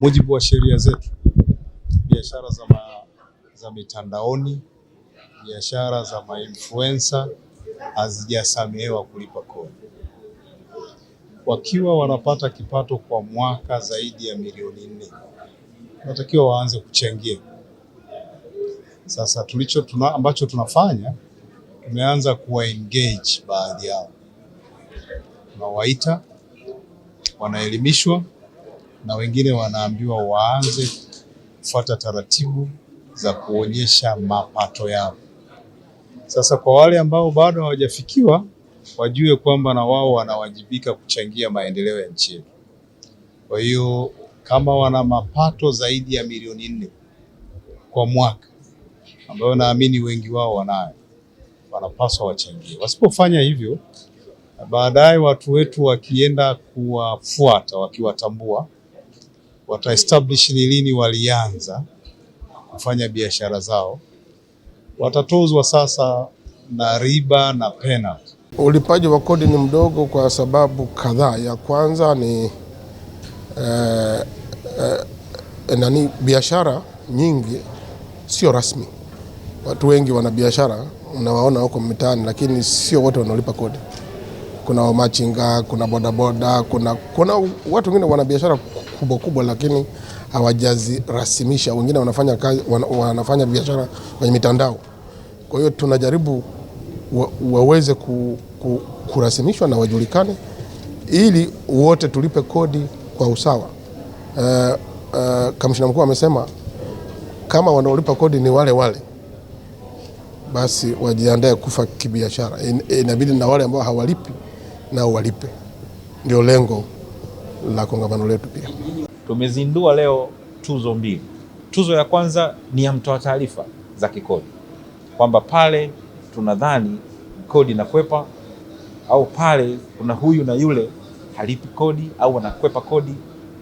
mujibu wa sheria zetu, biashara za, ma, za mitandaoni, biashara za mainfluencer hazijasamehewa kulipa kodi. Wakiwa wanapata kipato kwa mwaka zaidi ya milioni nne, natakiwa waanze kuchangia sasa. Tulicho tuna, ambacho tunafanya tumeanza kuwa engage baadhi yao, tunawaita wanaelimishwa na wengine wanaambiwa waanze kufuata taratibu za kuonyesha mapato yao. Sasa kwa wale ambao bado hawajafikiwa wajue kwamba na wao wanawajibika kuchangia maendeleo ya nchi yetu. Kwa hiyo kama wana mapato zaidi ya milioni nne kwa mwaka, ambayo naamini wengi wao wanayo, wanapaswa wachangie. Wasipofanya hivyo, baadaye watu wetu wakienda kuwafuata, wakiwatambua wataestablish ni lini walianza kufanya biashara zao, watatozwa sasa na riba na penalty. Ulipaji wa kodi ni mdogo kwa sababu kadhaa. Ya kwanza ni eh, eh, nani, biashara nyingi sio rasmi. Watu wengi wana biashara, unawaona huko mitaani, lakini sio wote wanaolipa kodi kuna wamachinga, kuna bodaboda, kuna, kuna watu wengine wana biashara kubwa kubwa, lakini hawajazirasimisha. Wengine wanafanya kazi, wan, wanafanya biashara kwenye mitandao. Kwa hiyo tunajaribu wa, waweze ku, ku, kurasimishwa na wajulikane ili wote tulipe kodi kwa usawa. Uh, uh, kamishna mkuu amesema kama wanaolipa kodi ni wale wale basi wajiandae kufa kibiashara. Inabidi na wale ambao hawalipi nao walipe. Ndio lengo la kongamano letu. Pia tumezindua leo tuzo mbili. Tuzo ya kwanza ni ya mtoa taarifa za kikodi, kwamba pale tunadhani kodi inakwepa au pale kuna huyu na yule halipi kodi au anakwepa kodi,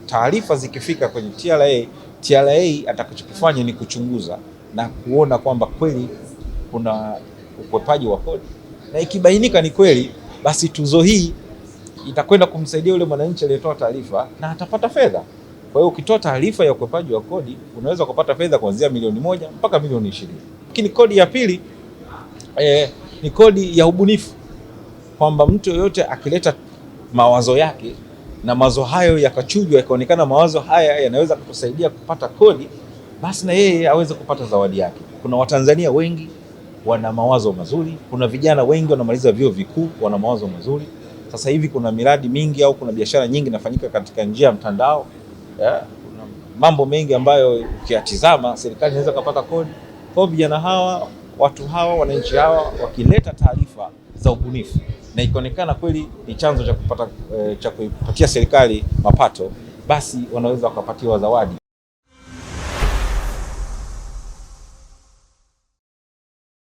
taarifa zikifika kwenye TRA, TRA atakachokifanya ni kuchunguza na kuona kwamba kweli kuna ukwepaji wa kodi, na ikibainika ni kweli basi tuzo hii itakwenda kumsaidia yule mwananchi aliyetoa taarifa na atapata fedha. Kwa hiyo ukitoa taarifa ya ukwepaji wa kodi unaweza kupata fedha kuanzia milioni moja mpaka milioni ishirini. Lakini kodi ya pili eh, ni kodi ya ubunifu, kwamba mtu yoyote akileta mawazo yake na mawazo hayo yakachujwa yakaonekana mawazo haya yanaweza kutusaidia kupata kodi, basi na yeye aweze kupata zawadi yake. Kuna Watanzania wengi wana mawazo mazuri. Kuna vijana wengi wanamaliza vyuo vikuu wana mawazo mazuri. Sasa hivi kuna miradi mingi au kuna biashara nyingi inafanyika katika njia ya mtandao yeah. Kuna mambo mengi ambayo ukiyatizama serikali inaweza kupata kodi kwa vijana hawa, watu hawa, wananchi hawa, wakileta taarifa za ubunifu na ikionekana kweli ni chanzo cha kupata eh, cha kuipatia serikali mapato, basi wanaweza wakapatiwa zawadi.